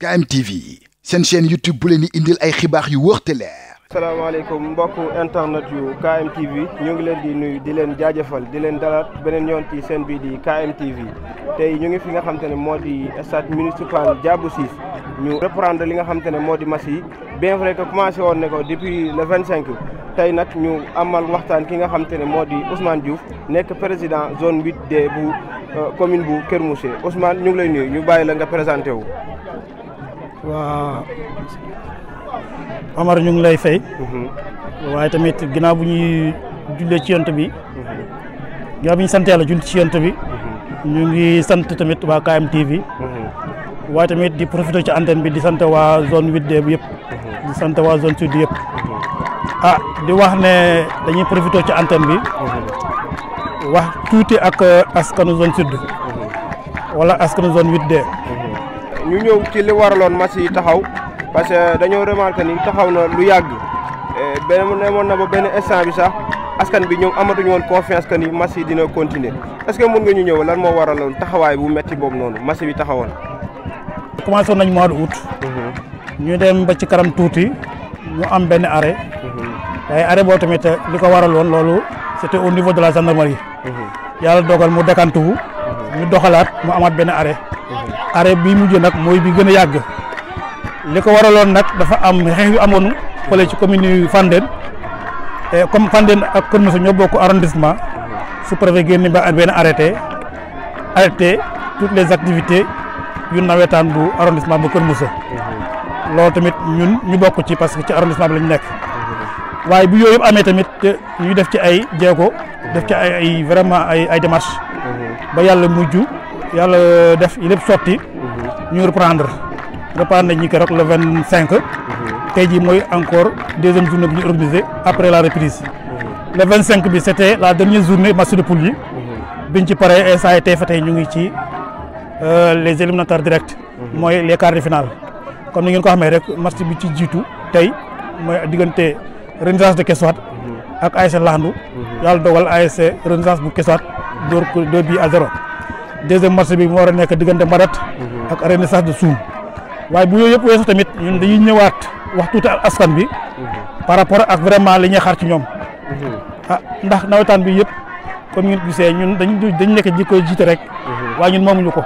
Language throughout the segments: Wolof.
KMTV seen chaîne YouTube bu leen di indil ay xibaax yu wër te leer. salaamaaleykum mbokku internet yu KMTV ñoo ngi leen di nuyu di leen jaajëfal di leen dalaat beneen yoon ci seen bii di KMTV tey ñu ngi fi nga xam ne moo di stade municipal Diabou Ciss ñu reprendre li nga xam ne moo di match yi bien vrai que commencé woon ne ko depuis le 25 tey nag ñu amal waxtaan ki nga xam ne moo di usmaan Diouf nekk président zone 8D bu euh, commune bu Kër Mousse Ousmane ñu ngi lay nuyu ñu bàyyi la nga présenté wu. waa Amar ñu ngi lay fay. Mm-hmm. waaye tamit ginnaaw bu ñuy jullee ci yont bi. Mm-hmm. ginnaaw bi ñu sant yàlla jull ci yont bi. Mm-hmm. ñu ngi sant tamit waa KM TV. tamit di profité ci antenne bi di sant waa zone huit D bi yëpp. di sant waa zone sud yëpp. ah di wax ne dañuy profité ci antenne bi. wax tuuti ak euh, askanu zone sud. wala askanu zone huit D. ñu ñëw ci li waraloon match yi taxaw parce que dañoo remarqué ni taxaw na lu yàgg eh, benn nemoon na ba benn instant sax askan bi ñoom amatuñu woon confiance que ni match dina continuer est-ce mën nga ñu ñëw lan moo waraloon taxawaay bu metti boobu noonu match bi taxawoon. commencé woon nañ mois d'août. Mhm. ñu dem ba ci kanam tuuti ñu am benn arrêt. waaye mhm. arrêt boo tamit li ko waraloon loolu c'était au niveau de la gendarmerie. Mhm. yàlla dogal mu décanté wu. ñu doxalaat mu amaat benn arrêt. arrêt bi mujj nag mooy bi gën a yàgg li ko waraloon nag dafa am xeex yu amoon fële ci commune yu Fandène comme Fandène ak Keur Moussa ñoo bokk arrondissement sous-préfet génn ba benn arrêté arrêté toutes les activités yu nawetaan bu arrondissement bu Keur Moussa loolu tamit ñun ñu bokk ci parce que ci arrondissement bi la ñu nekk waaye bu yooyu yëpp amee tamit ñu def ci ay jéego def ci ay ay vraiment ay ay démarches ba yàlla mujj. yàlla def lépp sorti. ñu reprendre reprendre nañ ñu keroog le 25, cinq. tey jii mooy encore deuxième journée bu ñu organisé après la reprise. le 25, bi c' était la dernière journée match de poule yi. biñ ci paree SAE tey fa tey ñu ngi ci euh, les éliminatoires directs. mooy les quarts de finale. comme ni ngeen ko xamee rek match bi ci jiitu tey mooy diggante Renaissance de Kessouat ak ASC Landou. yàlla dogal ASC Renaissance bu Kessouat, door ko bi à zéro. deuxième match bi mu war a nekk diggante Mbadat mhm. ak arène sax de Soum waaye bu yooyu yëpp weesu tamit ñun dañuy ñëwaat wax tuuti ak askan bi mhm. par rapport ak vraiment li ñuy xaar ci ñoom mhm. ah ndax nawetaan bi yëpp comme ngeen gisee ñun dañ dañ nekk di koy jiite rek waaye ñun moomuñu ko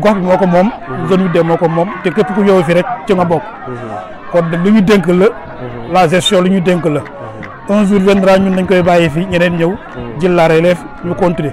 gox bi moo ko moom zone wi de moo ko moom te képp ku yow fi rek ci a bokk kon lu ñu dénk la la gestion lu ñu dénk la un jour viendra ñun dañ koy bàyyi fi ñeneen ñëw jël la relève ñu continuer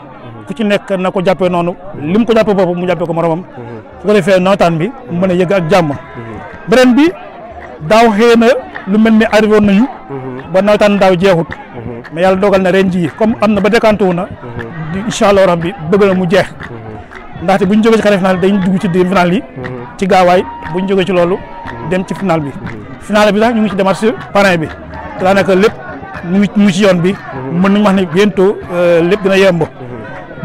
ku ci nekk na ko jàppee noonu li mu ko jàppee boppam mu jàppee ko moromam su ko defee nawetaan bi mu mën a yëg ak jàmm beneen bi daaw xëy na lu mel ni arrivé woon nañu ba nawetaan daaw jeexut mais yàlla dogal na ren jii comme am na ba décanté wu na incha allah rabbi bëgg na mu jeex ndaxte bu ñu jógee ci xare final dañu dugg ci demi final yi ci gaawaay bu ñu jógee ci loolu dem ci final bi final bi sax ñu ngi ci demaat si parrain bi daanaka lépp ñu ci yoon bi mën nañu wax ne bientôt euh, lépp dina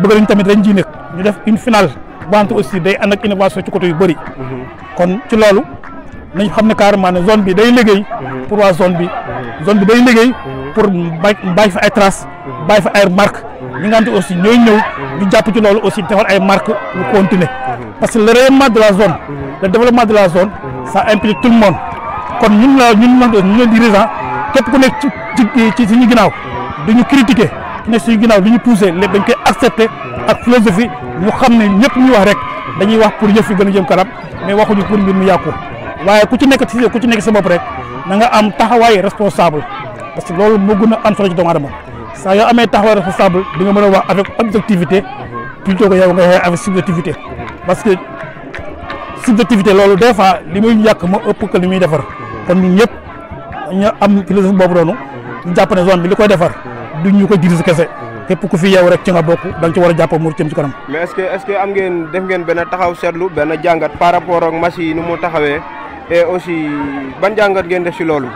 bëgg nañ tamit ren jii nag ñu def une finale wante aussi day ànd ak innovation ci côté yu bëri. Mhm. kon ci loolu nañ xam ne carrément ne zone bi day liggéey. Mhm. pour waa zone bi. Mhm. zone bi day liggéey. pour bàyyi fa ay trace bàyyi fa ay marques. ñi nga xam ne aussi ñooy ñëw. ñu jàpp ci loolu aussi defal ay marques ñu continuer. parce que le rayonnement de la zone. le développement de la zone. ça implique tout le monde. kon ñun la ñun ñoo doon ñu leen dirigeant képp ku nekk ci ci ci suñu ginnaaw duñu critiquer. ñëpp ne suñu ginnaaw li ñu poussé lépp dañ koy accepté ak philosophie ñu xam ne ñëpp ñu wax rek dañuy wax pour yëf yi gën a jëm kanam mais waxuñu pour mbir mi yàqu waaye ku ci nekk ci ku ci nekk sa bopp rek na nga am taxawaay responsable parce que loolu moo gën a am solo ci doomu aadama saa yoo amee taxawaay responsable di nga mën a wax avec objectivité plutôt que yow nga waxee avec subjectivité parce que subjectivité loolu des fois li muy yàq ma ëpp que li muy defar kon ñun ñëpp ñu am philosophie boobu noonu ñu jàpp ne zone bi li koy defar du ñu ko jiitu si kese. képp ku fi yaw rek ci nga bokk da ci war a jàpp mu jëm ci kanam. mais est-ce que est-ce que am ngeen def ngeen benn taxaw seetlu benn jàngat par rapport ak match yi nu mu taxawee et aussi ban jàngat ngeen def si loolu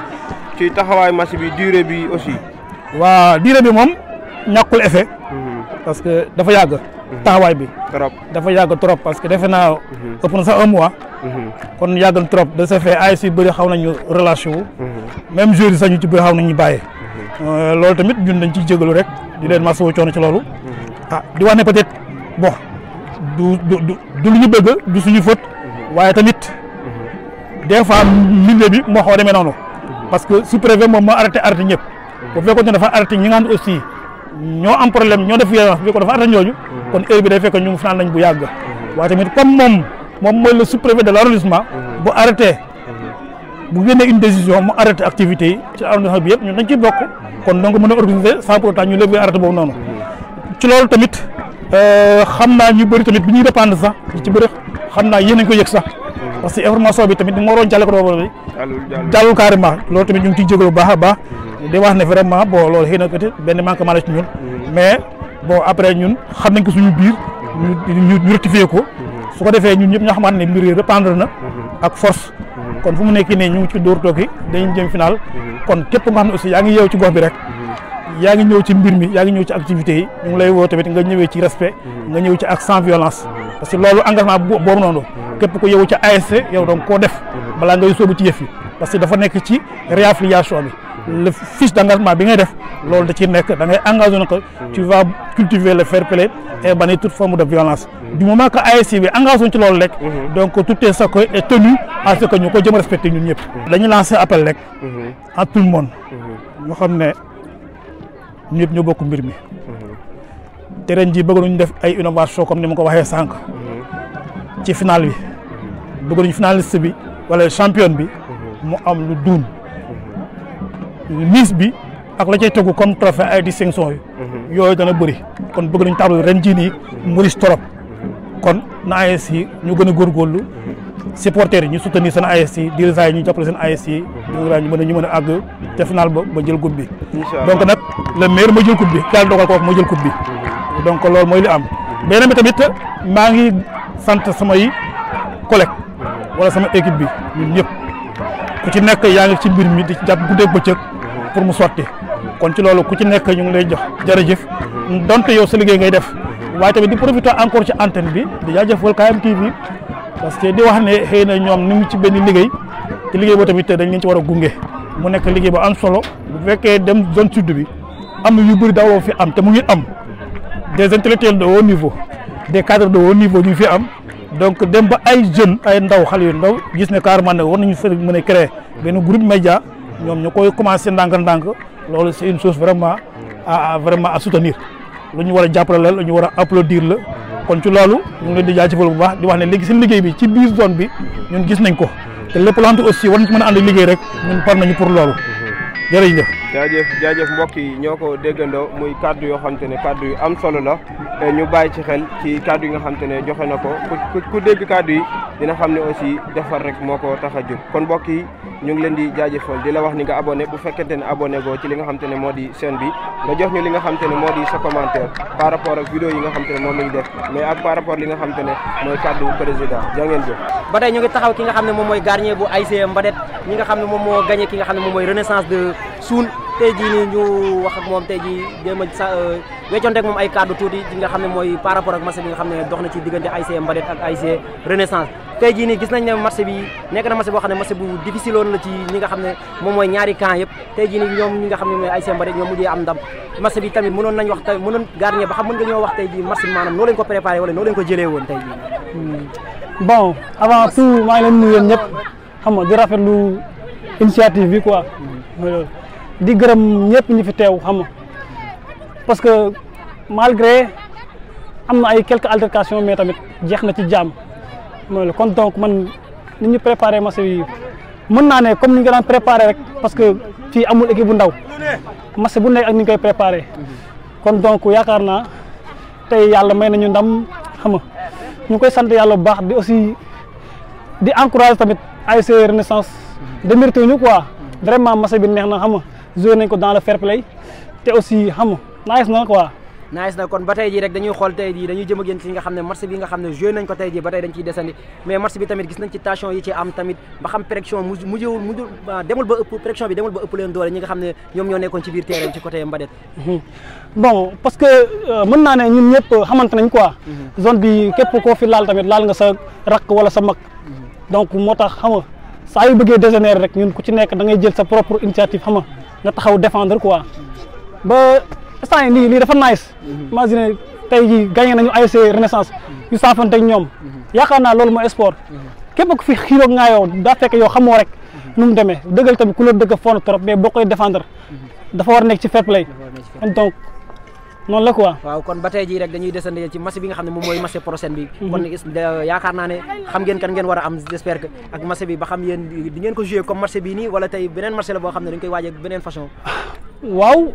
ci taxawaay match bi durée bi aussi. waa durée bi moom ñàkkul effet. Mhm. parce que dafa yàgg. Mhm. taxawaay bi. trop dafa yàgg trop parce que defe naa. Mhm. ëpp na sax un mois. kon yàgg na trop de ce si bëri xaw nañu relation. même joueurs yi sax ñu ci bëri xaw bàyyi. Euh, loolu tamit ñun dañ ci jéggelu rek di leen masawu coono ci loolu mhm. ah di wax ne peut être bon du du du lu ñu bëgg du suñu faute mhm. waaye tamit mhm. des fois milieu bi moo xaw a demee noonu parce que sous prévé moom moo arrêté arrêté ñëpp bu fekkoon ne dafa arrêté ñi nga xam aussi ñoo am problème ñoo def violence bi ko dafa arrêté ñooñu kon heure bi day fekk ñu ngi fanaan nañ bu yàgg waaye tamit comme moom moom mooy le sous préfet de l' arrondissement bu arrêté bu génnee une décision mu arrêté activité yi ci arrondissement a organiser sans pour autant ñu lever arrêté euh, xam naa ñu bëri tamit bi ñuy répandre sax ci bëri xam naa yéen a ko yëg sax parce que information bi tamit moo roon jàll ko robo bi jàllul carrément loolu ñu ngi ciy jégalu bu baax a baax di wax ne vraiment bon loolu xëy na peut-être benn manquement la ci ñun mais bon xam nañ ko suñu biir ñu rectifier ko su ko defee ñun ñëpp ñoo xamante ne mbir yi répandre na ak force kon fu mu nekkee nii ñu ngi ci dóor tooki dañuy jëm final. Mhm. kon képp nga xam ne aussi yaa ngi yeew ci gox bi rek. Mhm. yaa ngi ñëw ci mbir mi yaa ngi ñëw ci activité yi ñu ngi lay woo tamit nga ñëwee ci respect. Mhm. nga ñëw ci ak sans violence. parce que loolu engagement boobu noonu. képp ku yeewu ca ASC yow donc koo def. balaa ngay sóobu ci yëf yi parce que dafa nekk ci réaffiliation bi. le fiche d'engagement bi ngay def lolou da ci nek da ngay engager que mm-hmm. tu vas cultiver le fair play mm-hmm. et bannir toute forme de violence mm-hmm. du moment que ASC bi engagé ci lolou rek donc tout est sacré et tenu à ce que ñu ko jëm respecter ñun ñëpp dañu lancé appel rek à tout le monde ñu xamné ne ñëpp ñu bokk mbir mi terrain ji bëggu ñu def ay innovation comme ni ma ko waxee sànq ci final bi bëggu ñu finaliste bi wala champion bi mu am lu duun liis bi ak la cay tegu comme trophée ay distinction yu yooyu dana bëri kon bëgg nañ tableau ren jii nii mhm. mu mhm. kon na ASC yi ñu gën a góorgóorlu mhm. supporters yi ñu soutenir seen ASC yi dirigeants yi ñu jàppale seen ASC yi ñu mën a ñu mën a àgg te final ba ba jël coupe bi donc ma jël coupe bi yàlla dogal ko wax ma jël coupe bi donc loolu mooy li am beneen bi maa ngi sant samay collègue wala sama équipe bi ñun ñëpp ku ci nekk yaa ngi ci mbir mi di ci jàpp guddeeg bëccëg pour mu sotti kon ci loolu ku ci nekk ñu ngi lay jox jërëjëf donte yow sa liggéey ngay def waaye tamit di profiter encore ci antenne bi di jaajëfal KMTV parce que di wax ne xëy na ñoom ni ngi ci benn liggéey te liggéey boo tamit dañ leen ci war a gunge mu nekk liggéey bu am solo bu fekkee dem zone sud bi am na yu bëri daawoo fi am te mu ngi am des intellectuels de haut niveau des cadres de haut niveau ñu fi am donc dem ba ay jeunes ay ndaw xale yu ndaw gis ne carrément ne war nañu fa mën a créer benn groupe média ñoom ñoo koy commencé ndànk-ndànk loolu c'est une chose vraiment à vraiment à soutenir lu ñu war a jàppale la lu ñu war a applaudir la kon ci loolu ñu ngi leen di jaajëfal bu baax di wax ne léegi seen liggéey bi ci biir zone bi ñun gis nañ ko te lépp loo xam ne aussi war nañ a ànd liggéey rek ñun par nañu pour loolu jërëjëf. jaajëf jaajëf mbokk yi ñoo ko déggandoo muy kàddu yoo xamante ne kàddu yu am solo la eh, ñu bàyyi ci xel ci kàddu yi nga xamante ne joxe na ko ku ku dégg kàddu yi dina xam ne aussi defar rek moo ko tax a jóg kon mbokk yi ñu ngi leen di jaajëfal di la wax ni nga abonné bu fekkente ne abonné goo ci li nga xamante ne moo di chaîne bi nga jox ñu li nga xamante ne moo di sa commentaire par rapport ak vidéo yi nga xamante ne moom lañ def mais ak par rapport li nga xamante moom mooy gardien bu ASC moom moo gagné ki nga xam ne moom mooy renaissance suun tey jii nii ñu wax ak moom tey jii jéem a sa euh, weccoonte ak moom ay kàddu tuuti ci nga xam ne mooy par rapport ak marché bi nga xam ne dox na ci diggante ASC Mbadet ak ASC Renaissance tey jii nii gis nañ ne marché bi nekk na marché boo xam ne marché bu difficile woon la ci ñi nga xam ne moom mooy ñaari camp yëpp tey jii nii ñoom ñi nga xam ne mooy ASC Mbadet ñoom mujjee am ndam marché bi tamit mënoon nañ wax tamit mën nga ko préparé wala noo leen ko jëlee woon tey jii hmm. bon avant tout maa di gërëm ñëpp ñi fi teew xam nga parce que malgré am na ay quelques altercations mais tamit jeex na ci jàmm mooy la kon donc man ni ñu préparé match yi mën naa ne comme ni nga daan préparé rek parce que fii amul équipe bu ndaw match bu nekk ak ni koy préparé kon donc yaakaar na tey yàlla may nañu ndam xam nga ñu koy sant yàlla bu baax di aussi di encouragé tamit ay ASC e Renaissance démérité ñu quoi vraiment match bi neex na xam joué nañ ko dans fair play te aussi xam nga nice na quoi. nice na kon ba tey jii rek dañuy xool tey jii dañuy jëm ak yéen ci nga xam ne match bi nga xam ne joué nañ ko tey jii ba tey dañ ciy desandi mais match bi tamit gis nañ ci tension yi ci ne ñoom ñoo nekkoon ci biir mhm. bon parce que euh, mën naa ne ñun ñëpp xamante nañ quoi. Mhm. zone bi képp koo fi laal tamit laal nga sa rakk wala sa mag. Mhm. donc moo tax xam nga saa yu bëggee dégénérer rek ñun ku ci nekk da ngay jël sa propre initiative xam nga taxaw ko quoi ba instant yii lii lii dafa nice. Mhm. imagine tey jii gagné nañu ASC Renaissance ñu saafante ak ñoom mhm. yaakaar naa loolu mooy sport mhm. képp ku fi xiiroog ngaa yow daa fekk yow xamoo rek nu mu demee dëggal tamit ku la dëgg foon trop mais boo koy défendre dafa war nekk ci fair play donc non la quoi waaw kon batay ji rek dañuy desandi ci masse bi nga xam mom moy masse match prochaine bi mhm. kon yaakar naa ne xam ngeen kan ngeen wara am j'espère que ak masse bi ba xam yeen di ngeen ko jouer comme marché bi ni wala tay benen marché la bo xam dañ koy wajjal benen façon waaw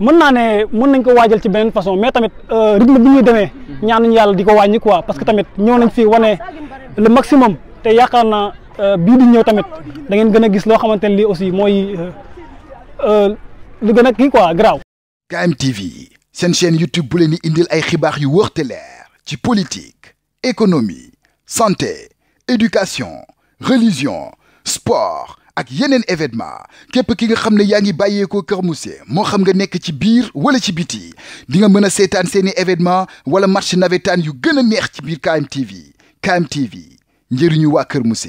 mën naa ne mën nañ ko wajjal ci benen façon mais tamit euh rythme bi ñuy démé mhm. ñaan nañu yalla diko wañi quoi parce que tamit ñoo nañ fi wane le maximum té yaakar na euh, bi di ñew tamit da ngeen gëna a gis loo xamante ne lii aussi euh, euh lu gëna ki quoi garaaw KMTV une chaîne YouTube bu leen indil ay xibaar yu wër lèr ci politique économie santé éducation religion sport ak yenen événement képp ki nga xamné ne nga bayé ko Kër Mousse moo xam nga nek ci biir wala ci biti di nga mëna sétane séni événement wala match navétane yu gëna neex ci biir KMTV KMTV ñëriñu wa Kër